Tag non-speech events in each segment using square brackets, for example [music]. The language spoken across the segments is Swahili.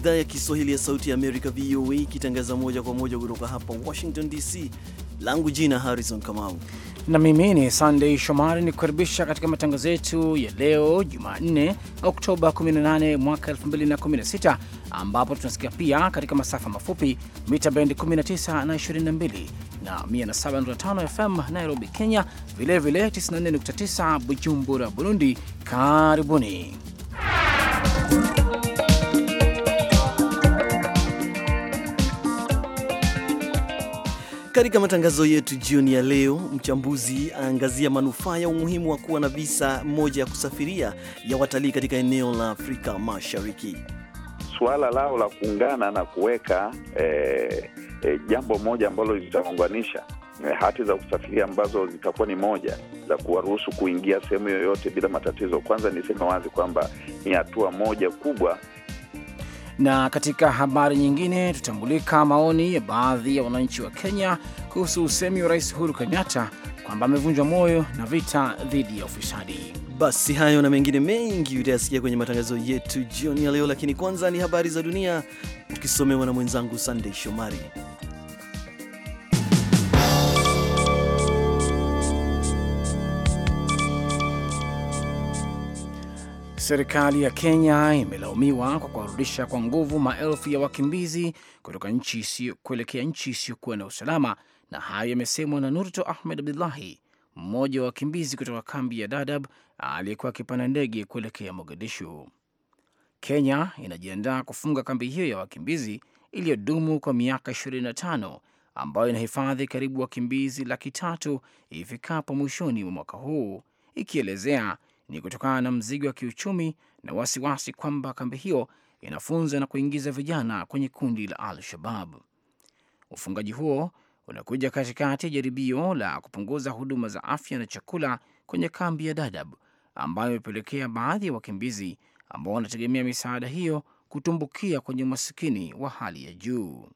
idhaa ya Kiswahili ya Sauti ya Amerika, VOA, ikitangaza moja kwa moja kutoka hapa Washington DC. Langu jina Harrison Kamau na mimi ni Sandey Shomari, ni kukaribisha katika matangazo yetu ya leo Jumanne, Oktoba 18 mwaka 2016, ambapo tunasikia pia katika masafa mafupi mita bendi 19 na 22 na 107.5 FM Nairobi, Kenya, vilevile 94.9 Bujumbura, Burundi. Karibuni. Katika matangazo yetu jioni ya leo, mchambuzi aangazia manufaa ya umuhimu wa kuwa na visa moja ya kusafiria ya watalii katika eneo la Afrika Mashariki. Suala lao la kuungana na kuweka eh, eh, jambo moja ambalo litaunganisha eh, hati za kusafiria ambazo zitakuwa ni moja za kuwaruhusu kuingia sehemu yoyote bila matatizo. Kwanza niseme wazi kwamba ni hatua moja kubwa na katika habari nyingine, tutambulika maoni ya baadhi ya wananchi wa Kenya kuhusu usemi wa Rais Uhuru Kenyatta kwamba amevunjwa moyo na vita dhidi ya ufisadi. Basi hayo na mengine mengi utayasikia kwenye matangazo yetu jioni ya leo, lakini kwanza ni habari za dunia ukisomewa na mwenzangu Sandey Shomari. Serikali ya Kenya imelaumiwa kwa kuwarudisha kwa nguvu maelfu ya wakimbizi kutoka nchi kuelekea nchi isiyokuwa na usalama, na hayo yamesemwa na Nurto Ahmed Abdullahi, mmoja wa wakimbizi kutoka kambi ya dadab aliyekuwa akipanda ndege kuelekea Mogadishu. Kenya inajiandaa kufunga kambi hiyo ya wakimbizi iliyodumu kwa miaka 25 ambayo inahifadhi karibu wakimbizi laki tatu ifikapo mwishoni mwa mwaka huu, ikielezea ni kutokana na mzigo wa kiuchumi na wasiwasi kwamba kambi hiyo inafunza na kuingiza vijana kwenye kundi la Al-Shabab. Ufungaji huo unakuja katikati ya jaribio la kupunguza huduma za afya na chakula kwenye kambi ya Dadab ambayo imepelekea baadhi ya wakimbizi ambao wanategemea misaada hiyo kutumbukia kwenye umasikini wa hali ya juu.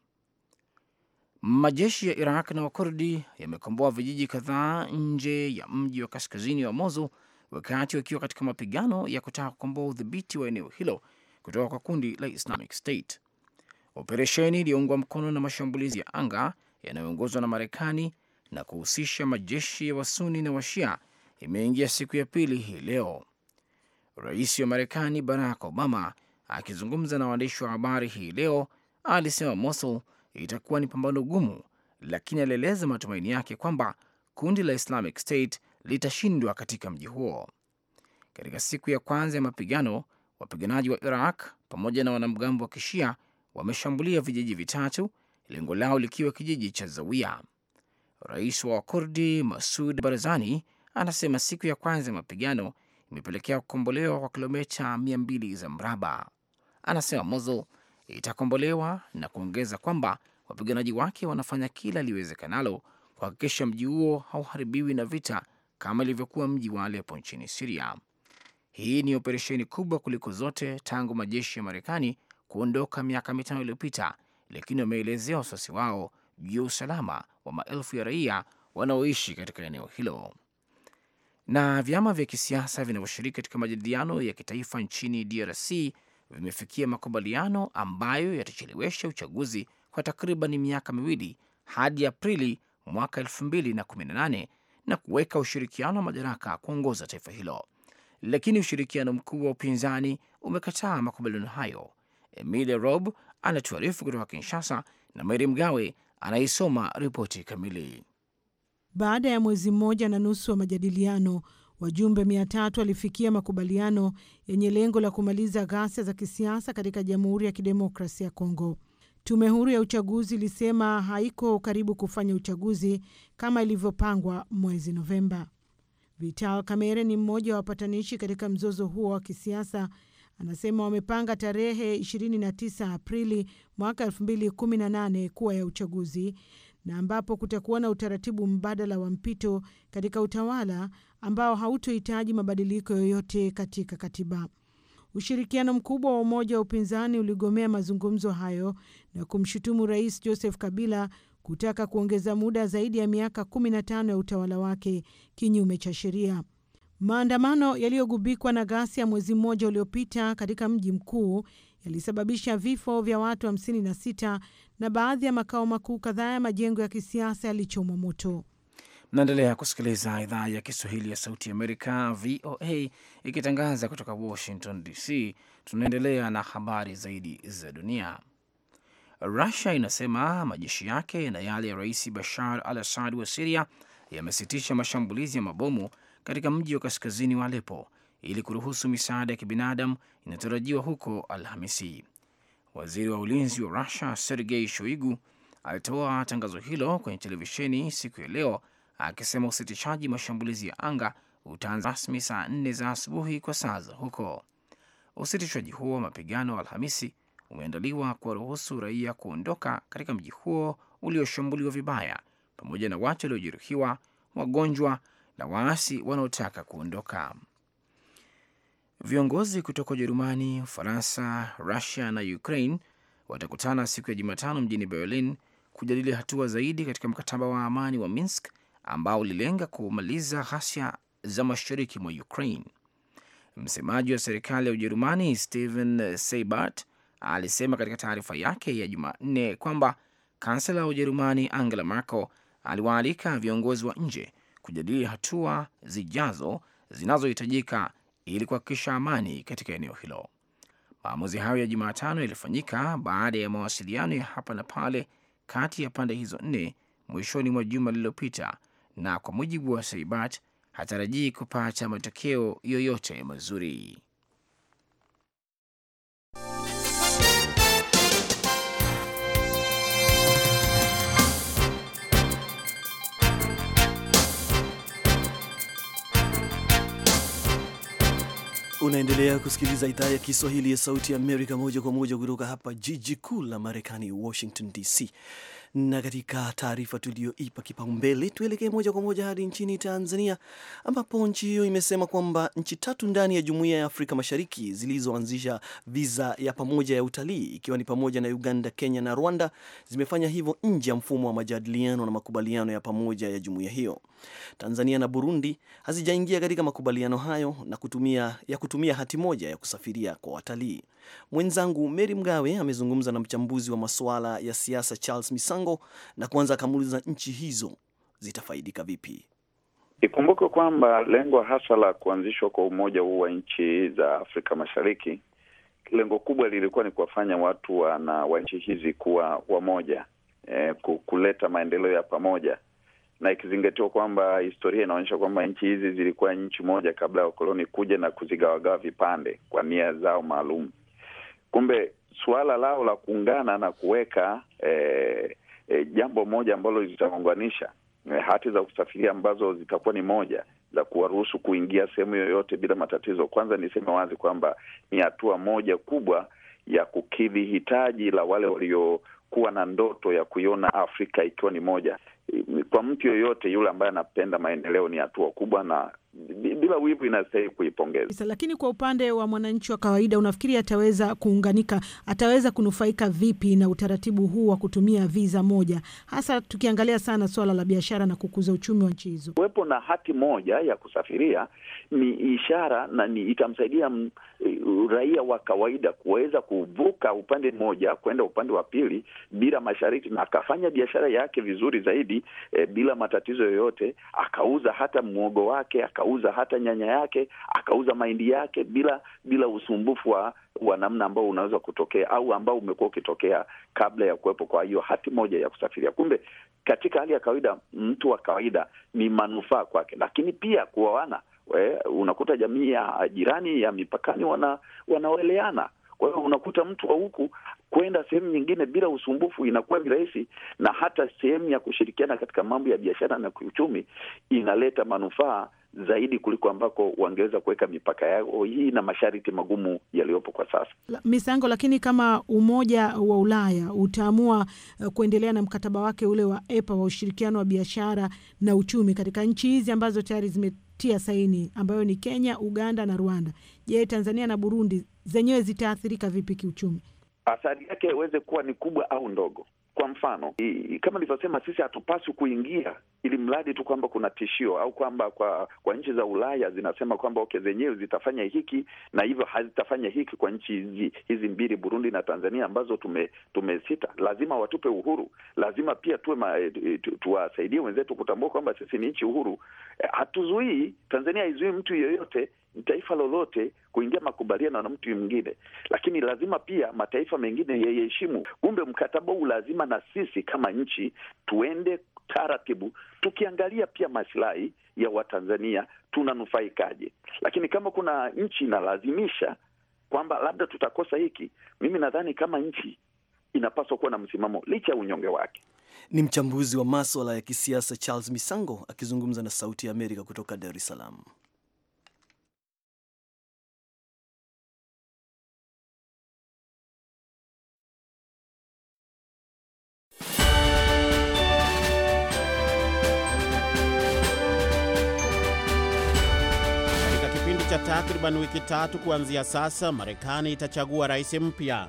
Majeshi ya Iraq na Wakurdi yamekomboa vijiji kadhaa nje ya mji wa kaskazini wa Mosul wakati wakiwa katika mapigano ya kutaka kukomboa udhibiti wa eneo hilo kutoka kwa kundi la Islamic State. Operesheni iliyoungwa mkono na mashambulizi ya anga yanayoongozwa na Marekani na kuhusisha majeshi ya Wasuni na Washia imeingia siku ya pili hii leo. Rais wa Marekani Barack Obama akizungumza na waandishi wa habari hii leo alisema Mosul itakuwa ni pambano gumu, lakini alieleza matumaini yake kwamba kundi la Islamic State litashindwa katika mji huo. Katika siku ya kwanza ya mapigano, wapiganaji wa Iraq pamoja na wanamgambo wa Kishia wameshambulia vijiji vitatu, lengo lao likiwa kijiji cha Zawia. Rais wa Wakurdi Masud Barzani anasema siku ya kwanza ya mapigano imepelekea kukombolewa kwa kilomita mia mbili za mraba. Anasema Mosul itakombolewa na kuongeza kwamba wapiganaji wake wanafanya kila liwezekanalo kuhakikisha mji huo hauharibiwi na vita kama ilivyokuwa mji wa Alepo nchini Siria. Hii ni operesheni kubwa kuliko zote tangu majeshi ya Marekani kuondoka miaka mitano iliyopita, lakini wameelezea wasiwasi wao juu ya usalama wa maelfu ya raia wanaoishi katika eneo hilo. Na vyama vya kisiasa vinavyoshiriki katika majadiliano ya kitaifa nchini DRC vimefikia makubaliano ambayo yatachelewesha uchaguzi kwa takriban miaka miwili hadi Aprili mwaka 2018 na kuweka ushirikiano wa madaraka kuongoza taifa hilo, lakini ushirikiano mkuu wa upinzani umekataa makubaliano hayo. Emile Rob anatuarifu kutoka Kinshasa na mary Mgawe anaisoma ripoti kamili. Baada ya mwezi mmoja na nusu wa majadiliano, wajumbe mia tatu walifikia makubaliano yenye lengo la kumaliza ghasia za kisiasa katika Jamhuri ya Kidemokrasia ya Kongo. Tume huru ya uchaguzi ilisema haiko karibu kufanya uchaguzi kama ilivyopangwa mwezi Novemba. Vital Kamerhe ni mmoja wa wapatanishi katika mzozo huo wa kisiasa. Anasema wamepanga tarehe 29 Aprili mwaka 2018 kuwa ya uchaguzi na ambapo kutakuwa na utaratibu mbadala wa mpito katika utawala ambao hautohitaji mabadiliko yoyote katika katiba. Ushirikiano mkubwa wa umoja wa upinzani uligomea mazungumzo hayo na kumshutumu Rais Joseph Kabila kutaka kuongeza muda zaidi ya miaka 15 ya utawala wake kinyume cha sheria. Maandamano yaliyogubikwa na ghasia mwezi mmoja uliopita katika mji mkuu yalisababisha vifo vya watu 56 na baadhi ya makao makuu kadhaa ya majengo ya kisiasa yalichomwa moto. Naendelea kusikiliza idhaa ya Kiswahili ya Sauti Amerika, VOA, ikitangaza kutoka Washington DC. Tunaendelea na habari zaidi za dunia. Rusia inasema majeshi yake na yale ya Rais Bashar al Assad wa Siria yamesitisha mashambulizi ya mabomu katika mji wa kaskazini wa Alepo ili kuruhusu misaada ya kibinadamu inayotarajiwa huko Alhamisi. Waziri wa ulinzi wa Rusia Sergei Shoigu alitoa tangazo hilo kwenye televisheni siku ya leo akisema usitishaji mashambulizi ya anga utaanza rasmi saa nne za asubuhi kwa saa za huko. Usitishwaji huo wa mapigano Alhamisi umeandaliwa kuwaruhusu raia kuondoka katika mji huo ulioshambuliwa vibaya, pamoja na watu waliojeruhiwa, wagonjwa na waasi wanaotaka kuondoka. Viongozi kutoka Ujerumani, Ufaransa, Rusia na Ukraine watakutana siku ya Jumatano mjini Berlin kujadili hatua zaidi katika mkataba wa amani wa Minsk ambao ulilenga kumaliza ghasia za mashariki mwa Ukraine. Msemaji wa serikali ya Ujerumani stehen Seibert alisema katika taarifa yake ya Jumanne kwamba kansela wa Ujerumani Angela Merkel aliwaalika viongozi wa nje kujadili hatua zijazo zinazohitajika ili kuhakikisha amani katika eneo hilo. Maamuzi hayo ya Jumatano yalifanyika baada ya mawasiliano ya hapa na pale kati ya pande hizo nne mwishoni mwa juma lililopita na kwa mujibu wa Seibat hatarajii kupata matokeo yoyote mazuri. Unaendelea kusikiliza idhaa ya Kiswahili ya Sauti ya Amerika moja kwa moja kutoka hapa jiji kuu la Marekani, Washington DC. Na katika taarifa tuliyoipa kipaumbele, tuelekee moja kwa moja hadi nchini Tanzania, ambapo nchi hiyo imesema kwamba nchi tatu ndani ya Jumuiya ya Afrika Mashariki zilizoanzisha viza ya pamoja ya utalii, ikiwa ni pamoja na Uganda, Kenya na Rwanda, zimefanya hivyo nje ya mfumo wa majadiliano na makubaliano ya pamoja ya jumuiya hiyo. Tanzania na Burundi hazijaingia katika makubaliano hayo na kutumia, ya kutumia hati moja ya kusafiria kwa watalii. Mwenzangu Mary Mgawe amezungumza na mchambuzi wa masuala ya siasa Charles Misango na kuanza akamuuliza nchi hizo zitafaidika vipi? Ikumbuke kwamba lengo hasa la kuanzishwa kwa umoja huu wa nchi za Afrika Mashariki, lengo kubwa lilikuwa ni kuwafanya watu na wa nchi hizi kuwa wamoja, e, kuleta maendeleo ya pamoja na ikizingatiwa kwamba historia inaonyesha kwamba nchi hizi zilikuwa nchi moja kabla ya wakoloni kuja na kuzigawagawa vipande kwa nia zao maalum. Kumbe suala lao la kuungana na kuweka eh, eh, jambo moja ambalo litaunganisha eh, hati za kusafiria ambazo zitakuwa ni moja za kuwaruhusu kuingia sehemu yoyote bila matatizo. Kwanza niseme wazi kwamba ni hatua moja kubwa ya kukidhi hitaji la wale waliokuwa na ndoto ya kuiona Afrika ikiwa ni moja, kwa mtu yoyote yule ambaye anapenda maendeleo ni hatua kubwa, na bila wivu inastahili kuipongeza. Lakini kwa upande wa mwananchi wa kawaida, unafikiri ataweza kuunganika, ataweza kunufaika vipi na utaratibu huu wa kutumia viza moja, hasa tukiangalia sana suala la biashara na kukuza uchumi wa nchi hizo? Kuwepo na hati moja ya kusafiria ni ishara na ni itamsaidia e, raia wa kawaida kuweza kuvuka upande mmoja kwenda upande wa pili bila mashariki, na akafanya biashara yake vizuri zaidi, e, bila matatizo yoyote, akauza hata mwogo wake aka akauza hata nyanya yake, akauza mahindi yake bila bila usumbufu wa wa namna ambao unaweza kutokea au ambao umekuwa ukitokea kabla ya kuwepo kwa hiyo hati moja ya kusafiria. Kumbe katika hali ya kawaida, mtu wa kawaida ni manufaa kwake, lakini pia kuoana, eh, unakuta jamii ya jirani ya mipakani wana wanaoeleana kwa hiyo unakuta mtu wa huku kwenda sehemu nyingine bila usumbufu inakuwa ni rahisi, na hata sehemu ya kushirikiana katika mambo ya biashara na kiuchumi inaleta manufaa zaidi kuliko ambako wangeweza kuweka mipaka yao hii na masharti magumu yaliyopo kwa sasa. La, misango lakini kama Umoja wa Ulaya utaamua uh, kuendelea na mkataba wake ule wa EPA wa ushirikiano wa biashara na uchumi katika nchi hizi ambazo tayari zimetia saini ambayo ni Kenya, Uganda na Rwanda. Je, Tanzania na Burundi zenyewe zitaathirika vipi kiuchumi? Athari yake iweze kuwa ni kubwa au ndogo? Kwa mfano i, kama nilivyosema, sisi hatupaswi kuingia ili mradi tu kwamba kuna tishio au kwamba kwa kwa nchi za Ulaya zinasema kwamba okay, zenyewe zitafanya hiki na hivyo hazitafanya hiki kwa nchi hizi hizi mbili, Burundi na Tanzania, ambazo tume tumesita. Lazima watupe uhuru, lazima pia ma, e, e, tu, tuwasaidie wenzetu kutambua kwamba sisi ni nchi uhuru. E, hatuzuii, Tanzania haizuii mtu yeyote taifa lolote kuingia makubaliano na mtu mwingine, lakini lazima pia mataifa mengine yaiheshimu. Kumbe mkataba huu lazima na sisi kama nchi tuende taratibu, tukiangalia pia masilahi ya Watanzania, tunanufaikaje. Lakini kama kuna nchi inalazimisha kwamba labda tutakosa hiki, mimi nadhani kama nchi inapaswa kuwa na msimamo licha ya unyonge wake. Ni mchambuzi wa maswala ya kisiasa Charles Misango akizungumza na Sauti ya Amerika kutoka Dar es Salaam. takriban wiki tatu kuanzia sasa, Marekani itachagua rais mpya.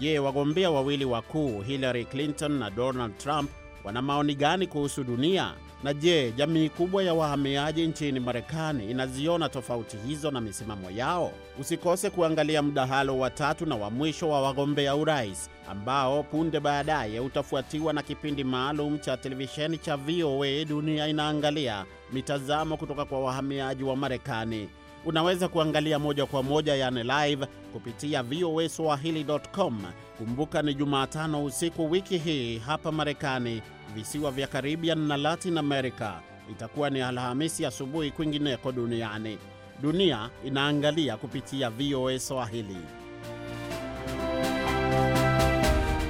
Je, wagombea wawili wakuu Hillary Clinton na Donald Trump wana maoni gani kuhusu dunia? Na je, jamii kubwa ya wahamiaji nchini Marekani inaziona tofauti hizo na misimamo yao? Usikose kuangalia mdahalo wa tatu na wa mwisho wa wagombea urais ambao punde baadaye utafuatiwa na kipindi maalum cha televisheni cha VOA Dunia Inaangalia, mitazamo kutoka kwa wahamiaji wa Marekani. Unaweza kuangalia moja kwa moja, yani live kupitia VOA swahili.com. Kumbuka ni Jumatano usiku wiki hii hapa Marekani, visiwa vya Caribbean na Latin America itakuwa ni Alhamisi asubuhi kwingineko duniani. Dunia inaangalia kupitia VOA Swahili.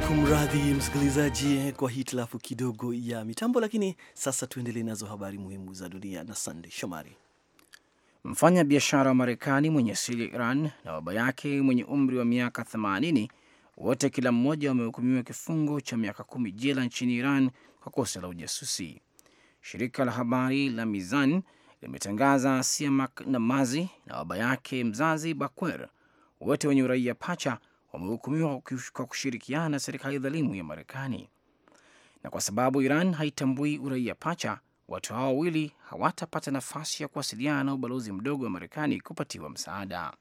Kumradhi msikilizaji kwa hitilafu kidogo ya mitambo, lakini sasa tuendelee nazo habari muhimu za dunia na Sandey Shomari. Mfanya biashara wa Marekani mwenye asili ya Iran na baba yake mwenye umri wa miaka 80 wote kila mmoja wamehukumiwa kifungo cha miaka kumi jela nchini Iran kwa kosa la ujasusi. Shirika la habari la Mizan limetangaza Siamak Namazi na baba yake mzazi Bakwer, wote wenye uraia pacha, wamehukumiwa kwa kushirikiana na serikali dhalimu ya Marekani. Na kwa sababu Iran haitambui uraia pacha, watu hao wawili hawatapata nafasi ya kuwasiliana na ubalozi mdogo wa Marekani kupatiwa msaada.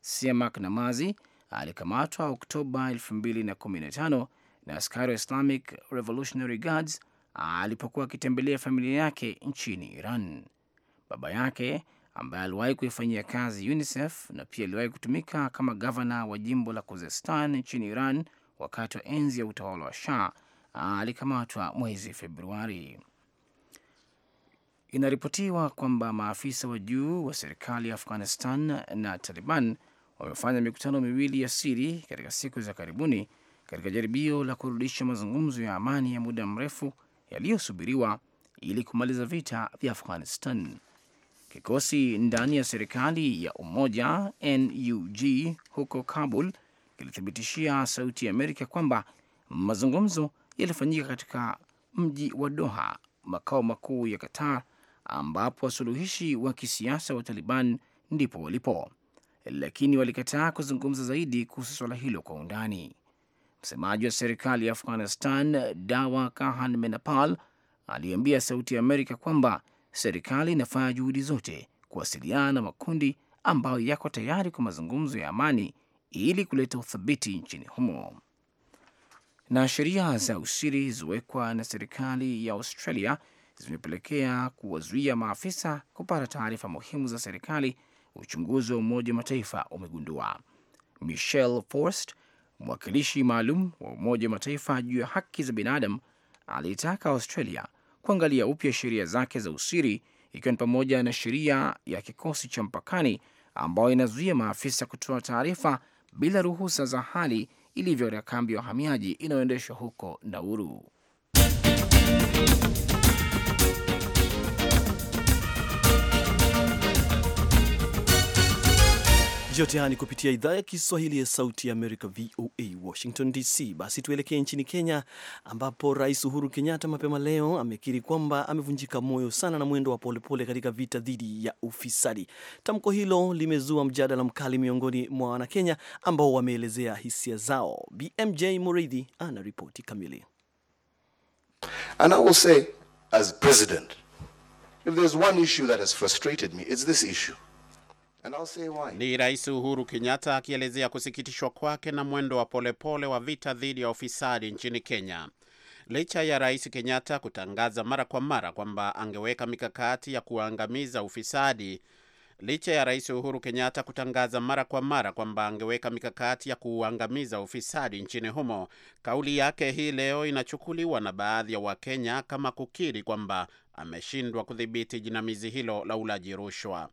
Siamak Namazi alikamatwa Oktoba 2015 na askari wa Islamic Revolutionary Guards alipokuwa akitembelea familia yake nchini Iran. Baba yake ambaye aliwahi kuifanyia kazi UNICEF na pia aliwahi kutumika kama gavana wa jimbo la Khuzestan nchini Iran wakati wa enzi ya utawala wa Shah alikamatwa mwezi Februari. Inaripotiwa kwamba maafisa wa juu wa serikali ya Afghanistan na Taliban wamefanya mikutano miwili ya siri katika siku za karibuni katika jaribio la kurudisha mazungumzo ya amani ya muda mrefu yaliyosubiriwa ili kumaliza vita vya Afghanistan. Kikosi ndani ya serikali ya umoja NUG huko Kabul kilithibitishia Sauti ya Amerika kwamba mazungumzo yalifanyika katika mji wa Doha, makao makuu ya Qatar, ambapo wasuluhishi wa kisiasa wa Taliban ndipo walipo, lakini walikataa kuzungumza zaidi kuhusu swala hilo kwa undani. Msemaji wa serikali ya Afghanistan Dawa Kahan Menapal aliambia Sauti ya Amerika kwamba serikali inafanya juhudi zote kuwasiliana na makundi ambayo yako tayari kwa mazungumzo ya amani ili kuleta uthabiti nchini humo. Na sheria za usiri zilizowekwa na serikali ya Australia zimepelekea kuwazuia maafisa kupata taarifa muhimu za serikali, uchunguzi wa Umoja wa Mataifa umegundua. Michelle Forst, mwakilishi maalum wa Umoja wa Mataifa juu ya haki za binadamu, aliitaka Australia kuangalia upya sheria zake za usiri, ikiwa ni pamoja na sheria ya kikosi cha mpakani ambayo inazuia maafisa kutoa taarifa bila ruhusa za hali ilivyo katika kambi ya wahamiaji inayoendeshwa huko Nauru. yote haya ni kupitia idhaa ya Kiswahili ya Sauti ya Amerika, VOA Washington DC. Basi tuelekee nchini Kenya, ambapo Rais Uhuru Kenyatta mapema leo amekiri kwamba amevunjika moyo sana na mwendo wa polepole katika vita dhidi ya ufisadi. Tamko hilo limezua mjadala mkali miongoni mwa Wanakenya ambao wameelezea hisia zao. BMJ Muridhi ana ripoti kamili. And I will say, as president, if there's one issue that has frustrated me, it's this issue. And I'll say why. Ni Rais Uhuru Kenyatta akielezea kusikitishwa kwake na mwendo wa polepole pole wa vita dhidi ya ufisadi nchini Kenya. Licha ya Rais Kenyatta kutangaza mara kwa mara kwamba angeweka mikakati ya kuangamiza ufisadi, licha ya Rais Uhuru Kenyatta kutangaza mara kwa mara kwamba angeweka mikakati ya kuuangamiza ufisadi nchini humo, kauli yake hii leo inachukuliwa na baadhi ya Wakenya kama kukiri kwamba ameshindwa kudhibiti jinamizi hilo la ulaji rushwa.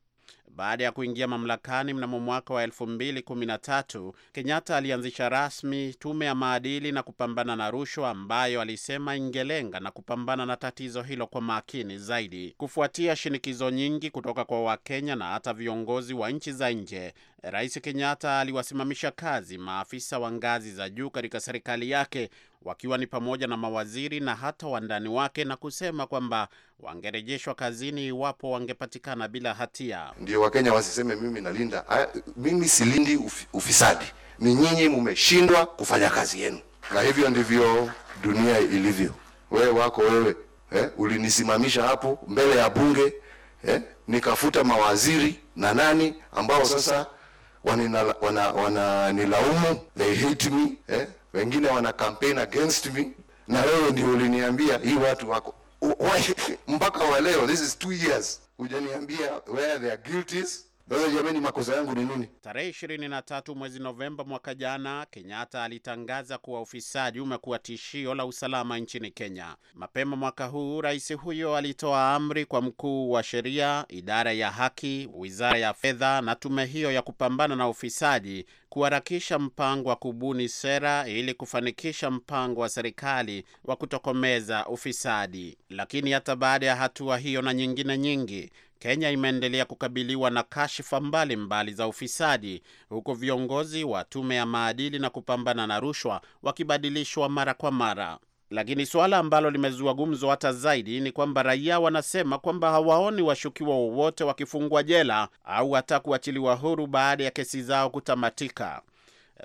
Baada ya kuingia mamlakani mnamo mwaka wa 2013, Kenyatta alianzisha rasmi tume ya maadili na kupambana na rushwa ambayo alisema ingelenga na kupambana na tatizo hilo kwa makini zaidi. Kufuatia shinikizo nyingi kutoka kwa Wakenya na hata viongozi wa nchi za nje, Rais Kenyatta aliwasimamisha kazi maafisa wa ngazi za juu katika serikali yake wakiwa ni pamoja na mawaziri na hata wandani wake na kusema kwamba wangerejeshwa kazini iwapo wangepatikana bila hatia. Ndiyo ndio Wakenya wasiseme mimi nalinda. Ah, mimi silindi ufisadi, ni nyinyi mumeshindwa kufanya kazi yenu, na hivyo ndivyo dunia ilivyo. Wewe wako wewe eh, ulinisimamisha hapo mbele ya bunge eh, nikafuta mawaziri na nani ambao sasa wananilaumu wana, wana they hate me eh, wengine wana campaign against me, na wewe ndio uliniambia hii watu wako [laughs] mpaka wa leo, this is two years hujaniambia where their guilt is sasa jamani, makosa yangu ni nini? Tarehe ishirini na tatu mwezi Novemba mwaka jana, Kenyatta alitangaza kuwa ufisadi umekuwa tishio la usalama nchini Kenya. Mapema mwaka huu, rais huyo alitoa amri kwa mkuu wa sheria, idara ya haki, wizara ya fedha na tume hiyo ya kupambana na ufisadi kuharakisha mpango wa kubuni sera ili kufanikisha mpango wa serikali wa kutokomeza ufisadi. Lakini hata baada ya hatua hiyo na nyingine nyingi Kenya imeendelea kukabiliwa na kashifa mbalimbali za ufisadi huku viongozi wa tume ya maadili na kupambana na rushwa wakibadilishwa mara kwa mara. Lakini suala ambalo limezua gumzo hata zaidi ni kwamba raia wanasema kwamba hawaoni washukiwa wowote wakifungwa jela au hata kuachiliwa huru baada ya kesi zao kutamatika.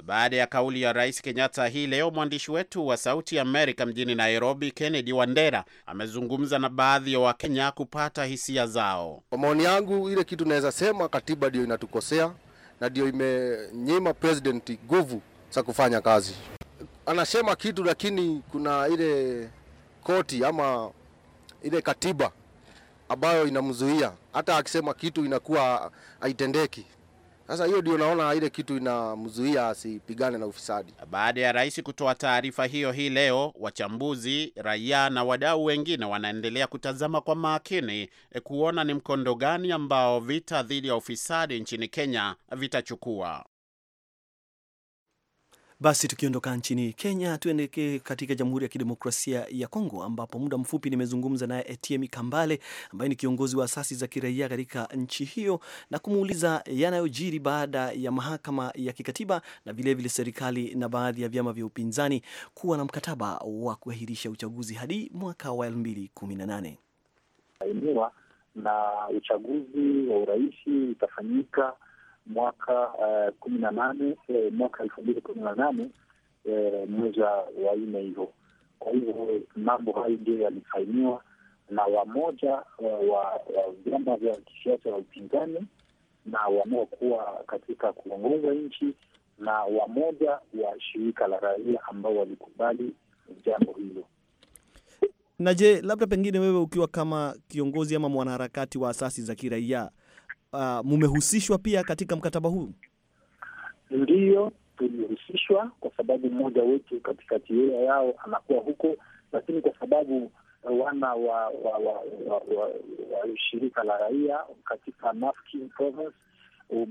Baada ya kauli ya Rais Kenyatta hii leo, mwandishi wetu wa Sauti Amerika mjini Nairobi, Kennedy Wandera, amezungumza na baadhi ya Wakenya kupata hisia zao. Kwa maoni yangu, ile kitu naweza sema, katiba ndio inatukosea na ndio imenyima president nguvu za kufanya kazi. Anasema kitu lakini kuna ile koti ama ile katiba ambayo inamzuia, hata akisema kitu inakuwa haitendeki. Sasa hiyo ndio naona ile kitu inamzuia asipigane na ufisadi. Baada ya rais kutoa taarifa hiyo hii leo, wachambuzi, raia na wadau wengine wanaendelea kutazama kwa makini e, kuona ni mkondo gani ambao vita dhidi ya ufisadi nchini Kenya vitachukua. Basi tukiondoka nchini Kenya, tuendekee katika Jamhuri ya Kidemokrasia ya Kongo, ambapo muda mfupi nimezungumza naye Etiemi Kambale ambaye ni kiongozi wa asasi za kiraia katika nchi hiyo na kumuuliza yanayojiri baada ya mahakama ya kikatiba na vilevile serikali na baadhi ya vyama vya upinzani kuwa na mkataba wa kuahirisha uchaguzi hadi mwaka wa elfu mbili kumi na nane na uchaguzi wa urais utafanyika mwaka eh, kumi na nane eh, mwaka elfu mbili kumi na nane mweza eh, mwezi wa nne hivyo. Kwa hivyo mambo hayo ndio yalifainiwa na wamoja wa vyama vya kisiasa ya upinzani na wanaokuwa katika kuongoza nchi na wamoja wa shirika la raia ambao walikubali jambo hilo. Na je, labda pengine wewe ukiwa kama kiongozi ama mwanaharakati wa asasi za kiraia uh, mumehusishwa pia katika mkataba huu? Ndiyo, tulihusishwa kwa sababu mmoja wetu katikati yao anakuwa huko, lakini kwa sababu uh, wana wa, wa, wa, wa, wa, wa shirika la raia katika Nafkin province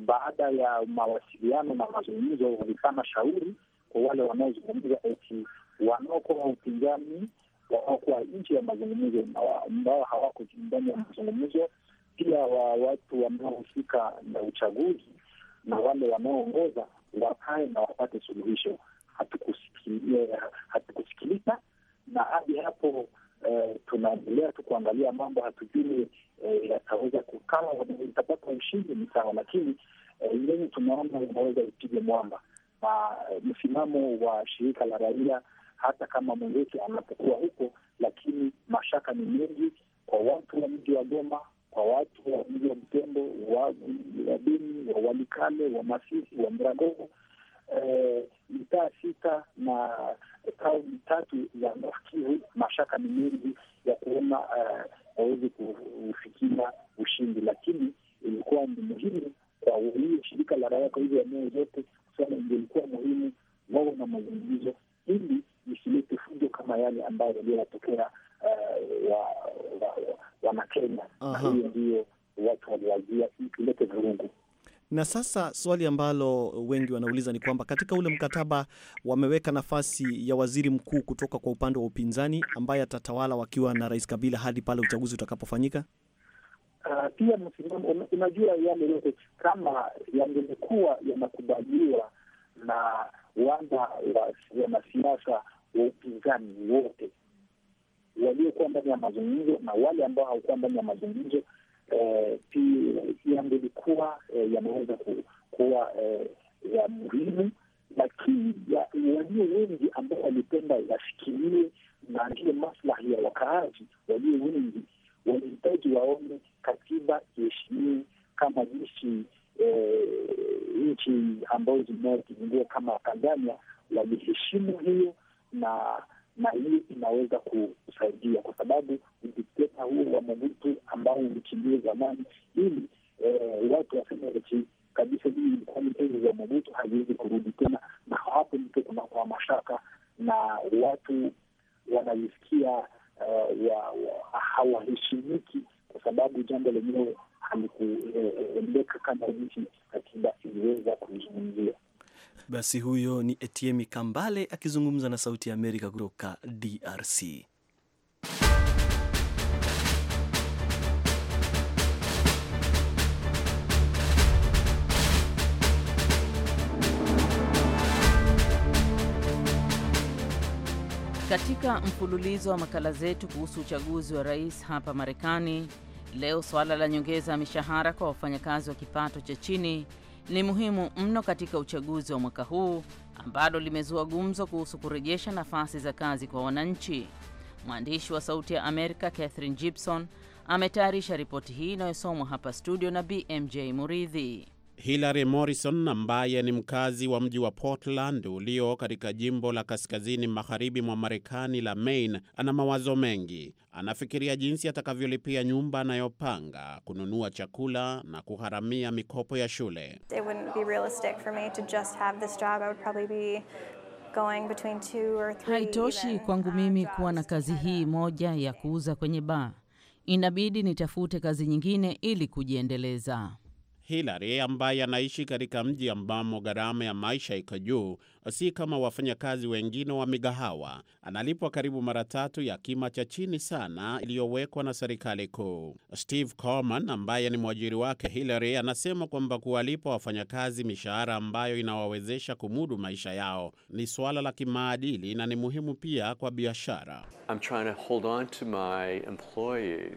baada ya mawasiliano na mazungumzo walipana shauri kwa wale wanaozungumza eti wanaokuwa upinzani wanaokuwa nchi ya mazungumzo ambao hawako ndani ya mazungumzo pia wa watu wanaohusika na uchaguzi na wale wanaoongoza wakae na wapate suluhisho. hatukusikiliza na hadi hapo e, tunaendelea tu kuangalia mambo, hatujui eh, yataweza kukama, itapata ushindi ni sawa, lakini eh, yenye tunaona inaweza ipige mwamba na eh, msimamo wa shirika la raia, hata kama mwenzetu anapokuwa huko, lakini mashaka ni mengi kwa watu wa mji wa Goma kwa watu wa mji wa Mtembo, wa Dini, wa Walikale, wa Masisi, wa Mragoo, eh, mitaa sita na tauni tatu za Norkivu. Mashaka ni mengi ya kuona waweze eh, kufikia ushindi, lakini ilikuwa ni muhimu kwa hiyo shirika la raia kwa hizo eneo zote kusema, ingelikuwa muhimu wao na mazungumzo, ili isilete fujo kama yale ambayo yaliyotokea eh, Wanakenya na hiyo ndio watu waliwaambia ilete vurugu na sasa swali ambalo wengi wanauliza ni kwamba katika ule mkataba wameweka nafasi ya waziri mkuu kutoka kwa upande wa upinzani ambaye atatawala wakiwa na Rais Kabila hadi pale uchaguzi utakapofanyika. Uh, pia msimamo, unajua yale yote kama yangelikuwa yanakubaliwa na wana wanasiasa wa upinzani wote waliokuwa ndani ya mazungumzo na wale ambao hawakuwa ndani ya mazungumzo eh, yangu ilikuwa eh, yameweza kuwa eh, ya muhimu, lakini walio wengi ambao walipenda yafikirie na ndiyo maslahi ya wakaazi, walio wengi walihitaji waone katiba iheshimii kama jinsi eh, nchi ambazo zimewazungua kama Tanzania waliheshimu hiyo na na hii inaweza kusaidia kwa sababu udikteta huo wa Mobutu ambao ulikimbia zamani ili eh, watu waseme eti kabisa hii ilikuwa ni enzi za Mobutu, haziwezi kurudi tena, na hapo ndipo kunakuwa mashaka na watu Basi huyo ni Etiemi Kambale akizungumza na Sauti ya Amerika kutoka DRC. Katika mfululizo wa makala zetu kuhusu uchaguzi wa rais hapa Marekani, leo suala la nyongeza ya mishahara kwa wafanyakazi wa kipato cha chini ni muhimu mno katika uchaguzi wa mwaka huu ambalo limezua gumzo kuhusu kurejesha nafasi za kazi kwa wananchi. Mwandishi wa Sauti ya Amerika Catherine Gibson ametayarisha ripoti hii inayosomwa hapa studio na BMJ Muridhi. hilary Morrison ambaye ni mkazi wa mji wa Portland ulio katika jimbo la kaskazini magharibi mwa Marekani la Maine ana mawazo mengi. Anafikiria jinsi atakavyolipia nyumba anayopanga, kununua chakula na kuharamia mikopo ya shule. Haitoshi kwangu uh, mimi kuwa na kazi hii moja ya kuuza kwenye baa, inabidi nitafute kazi nyingine ili kujiendeleza. Hilary ambaye anaishi katika mji ambamo gharama ya maisha iko juu si kama wafanyakazi wengine wa migahawa. Analipwa karibu mara tatu ya kima cha chini sana iliyowekwa na serikali kuu. Steve Coleman ambaye ni mwajiri wake Hillary anasema kwamba kuwalipa wafanyakazi mishahara ambayo inawawezesha kumudu maisha yao ni suala la kimaadili na ni muhimu pia kwa biashara.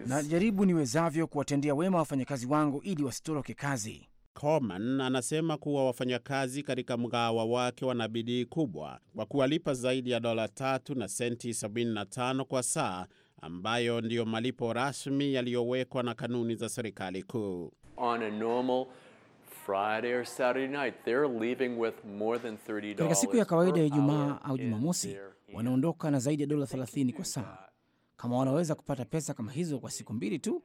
Najaribu niwezavyo kuwatendea wema wafanyakazi wangu ili wasitoroke kazi. Coleman anasema kuwa wafanyakazi katika mgahawa wake wana bidii kubwa kwa kuwalipa zaidi ya dola tatu na senti 75 kwa saa ambayo ndiyo malipo rasmi yaliyowekwa na kanuni za serikali kuu. Katika siku ya kawaida ya Ijumaa au Jumamosi wanaondoka na zaidi ya dola 30 kwa saa. Kama wanaweza kupata pesa kama hizo kwa siku mbili tu,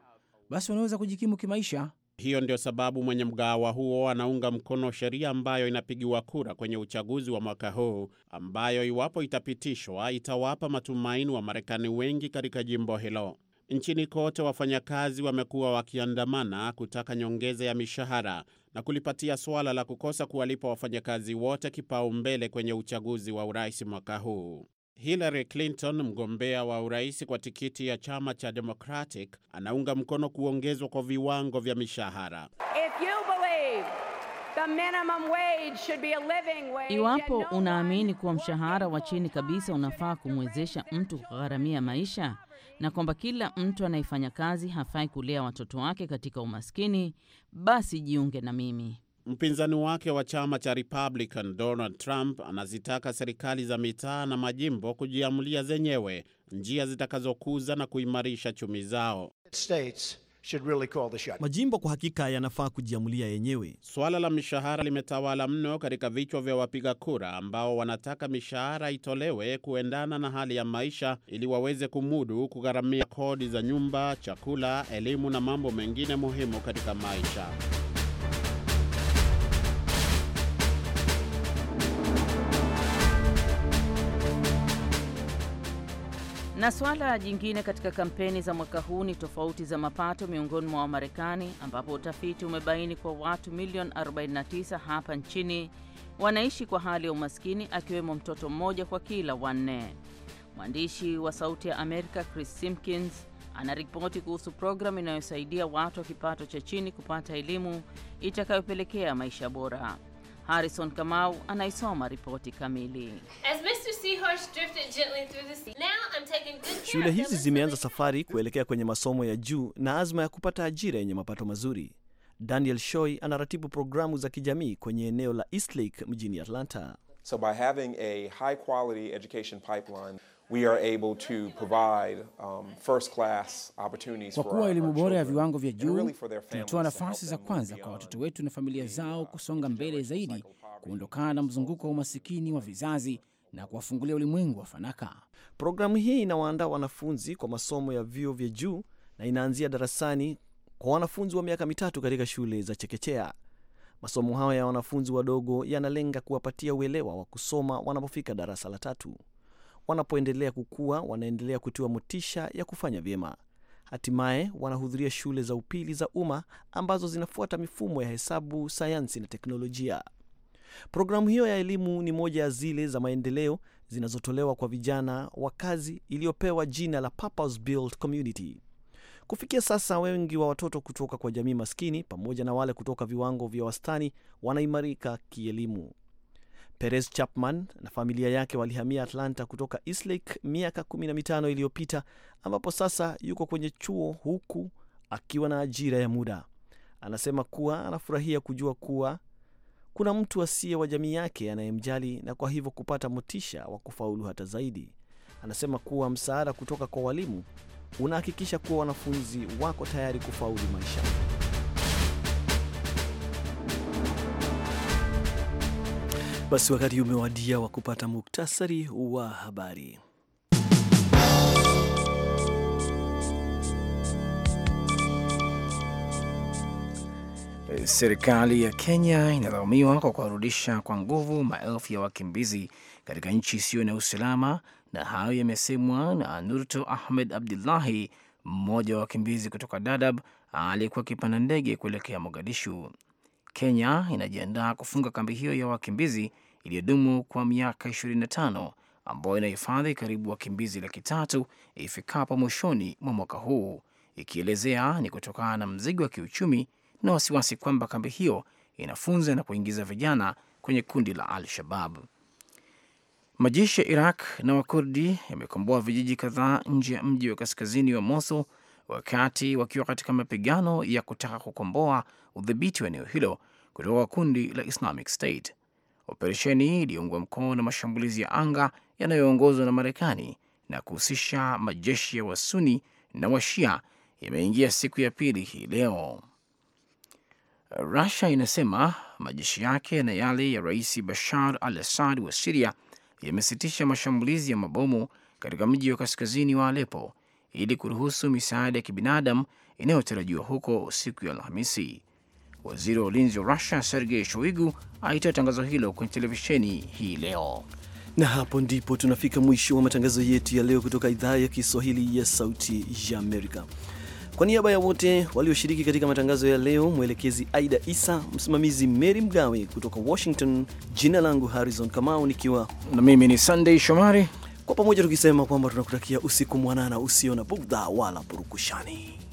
basi wanaweza kujikimu kimaisha. Hiyo ndio sababu mwenye mgahawa huo anaunga mkono sheria ambayo inapigiwa kura kwenye uchaguzi wa mwaka huu, ambayo iwapo itapitishwa, itawapa matumaini wa Marekani wengi katika jimbo hilo. Nchini kote wafanyakazi wamekuwa wakiandamana kutaka nyongeza ya mishahara na kulipatia suala la kukosa kuwalipa wafanyakazi wote kipaumbele kwenye uchaguzi wa urais mwaka huu. Hillary Clinton, mgombea wa urais kwa tikiti ya chama cha Democratic, anaunga mkono kuongezwa kwa viwango vya mishahara. Iwapo unaamini kuwa mshahara wa chini kabisa unafaa kumwezesha mtu kugharamia maisha na kwamba kila mtu anayefanya kazi hafai kulea watoto wake katika umaskini, basi jiunge na mimi. Mpinzani wake wa chama cha Republican Donald Trump anazitaka serikali za mitaa na majimbo kujiamulia zenyewe njia zitakazokuza na kuimarisha chumi zao. Really majimbo kwa hakika yanafaa kujiamulia yenyewe. Swala la mishahara limetawala mno katika vichwa vya wapiga kura ambao wanataka mishahara itolewe kuendana na hali ya maisha ili waweze kumudu kugharamia kodi za nyumba, chakula, elimu na mambo mengine muhimu katika maisha. Na suala jingine katika kampeni za mwaka huu ni tofauti za mapato miongoni mwa Wamarekani, ambapo utafiti umebaini kwa watu milioni 49 hapa nchini wanaishi kwa hali ya umaskini, akiwemo mtoto mmoja kwa kila wanne. Mwandishi wa Sauti ya Amerika Chris Simkins anaripoti kuhusu programu inayosaidia watu wa kipato cha chini kupata elimu itakayopelekea maisha bora. Harrison Kamau anaisoma ripoti kamili. Shule hizi zimeanza safari kuelekea kwenye masomo ya juu na azma ya kupata ajira yenye mapato mazuri. Daniel Shoy anaratibu programu za kijamii kwenye eneo la Eastlake mjini Atlanta. So by having a high quality education pipeline we are able to provide um, first class opportunities kwa kuwa elimu bora ya viwango vya juu tunatoa nafasi za kwanza kwa watoto wetu na familia zao uh, kusonga mbele zaidi, kuondokana na mzunguko wa umasikini wa vizazi na kuwafungulia ulimwengu wa fanaka. Programu hii inawaandaa wanafunzi kwa masomo ya vyuo vya juu na inaanzia darasani kwa wanafunzi wa miaka mitatu katika shule za chekechea. Masomo hayo ya wanafunzi wadogo yanalenga kuwapatia uelewa wa kusoma wanapofika darasa la tatu wanapoendelea kukua, wanaendelea kutiwa motisha ya kufanya vyema. Hatimaye wanahudhuria shule za upili za umma ambazo zinafuata mifumo ya hesabu, sayansi na teknolojia. Programu hiyo ya elimu ni moja ya zile za maendeleo zinazotolewa kwa vijana wa kazi iliyopewa jina la Purpose Built Community. Kufikia sasa wengi wa watoto kutoka kwa jamii maskini pamoja na wale kutoka viwango vya wastani wanaimarika kielimu. Perez Chapman na familia yake walihamia Atlanta kutoka Eastlake miaka 15 iliyopita, ambapo sasa yuko kwenye chuo huku akiwa na ajira ya muda. Anasema kuwa anafurahia kujua kuwa kuna mtu asiye wa jamii yake anayemjali na kwa hivyo kupata motisha wa kufaulu hata zaidi. Anasema kuwa msaada kutoka kwa walimu unahakikisha kuwa wanafunzi wako tayari kufaulu maisha. Basi wakati umewadia wa kupata muktasari wa habari. Serikali ya Kenya inalaumiwa kwa kuwarudisha kwa nguvu maelfu ya wakimbizi katika nchi isiyo na usalama, na hayo yamesemwa na Nurto Ahmed Abdullahi, mmoja wa wakimbizi kutoka Dadab aliyekuwa akipanda ndege kuelekea Mogadishu. Kenya inajiandaa kufunga kambi hiyo ya wakimbizi iliyodumu kwa miaka 25 ambayo inahifadhi karibu wakimbizi laki tatu ifikapo mwishoni mwa mwaka huu, ikielezea ni kutokana na mzigo wa kiuchumi na wasiwasi kwamba kambi hiyo inafunza na kuingiza vijana kwenye kundi la Al-Shabab. Majeshi ya Iraq na Wakurdi yamekomboa vijiji kadhaa nje ya mji wa kaskazini wa Mosul wakati wakiwa katika mapigano ya kutaka kukomboa udhibiti wa eneo hilo kutoka kundi la Islamic State. Operesheni hii iliungwa mkono na mashambulizi ya anga yanayoongozwa na Marekani na kuhusisha majeshi ya Wasuni na Washia yameingia siku ya pili hii leo. Rusia inasema majeshi yake na yale ya Rais Bashar al Assad wa Siria yamesitisha mashambulizi ya mabomu katika mji wa kaskazini wa Alepo ili kuruhusu misaada ya kibinadamu inayotarajiwa huko siku ya Alhamisi. Waziri wa ulinzi wa Rusia Sergei Shoigu alitoa tangazo hilo kwenye televisheni hii leo. Na hapo ndipo tunafika mwisho wa matangazo yetu ya leo kutoka idhaa ya Kiswahili ya Sauti ya Amerika. Kwa niaba ya wote walioshiriki katika matangazo ya leo, mwelekezi Aida Isa, msimamizi Mary Mgawe kutoka Washington, jina langu Harrison Kamau nikiwa na mimi ni Sunday Shomari kwa pamoja tukisema kwamba tunakutakia usiku mwanana usio na bugdha wala purukushani.